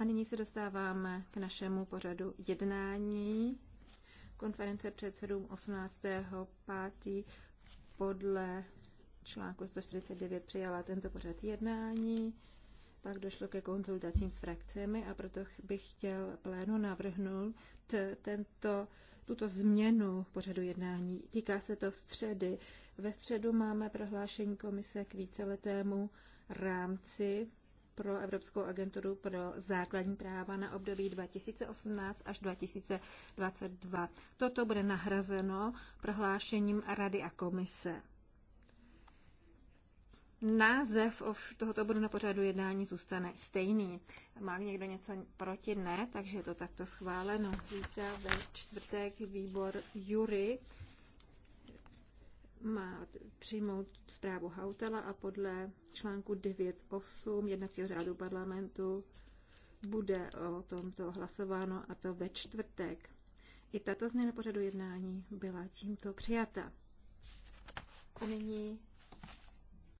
A nyní se dostáváme k našemu pořadu jednání. Konference předsedů 18. Pátí podle článku 149 přijala tento pořad jednání. Pak došlo ke konzultacím s frakcemi a proto bych chtěl plénu navrhnout tento, tuto změnu pořadu jednání. Týká se to v středy. Ve středu máme prohlášení komise k víceletému rámci pro Evropskou agenturu pro základní práva na období 2018 až 2022. Toto bude nahrazeno prohlášením Rady a komise. Název tohoto bodu na pořadu jednání zůstane stejný. Má někdo něco proti? Ne, takže je to takto schváleno. Zítra ve čtvrtek výbor Jury má přijmout zprávu Hautela a podle článku 9.8 jednacího řádu parlamentu bude o tomto hlasováno a to ve čtvrtek. I tato změna pořadu jednání byla tímto přijata. A nyní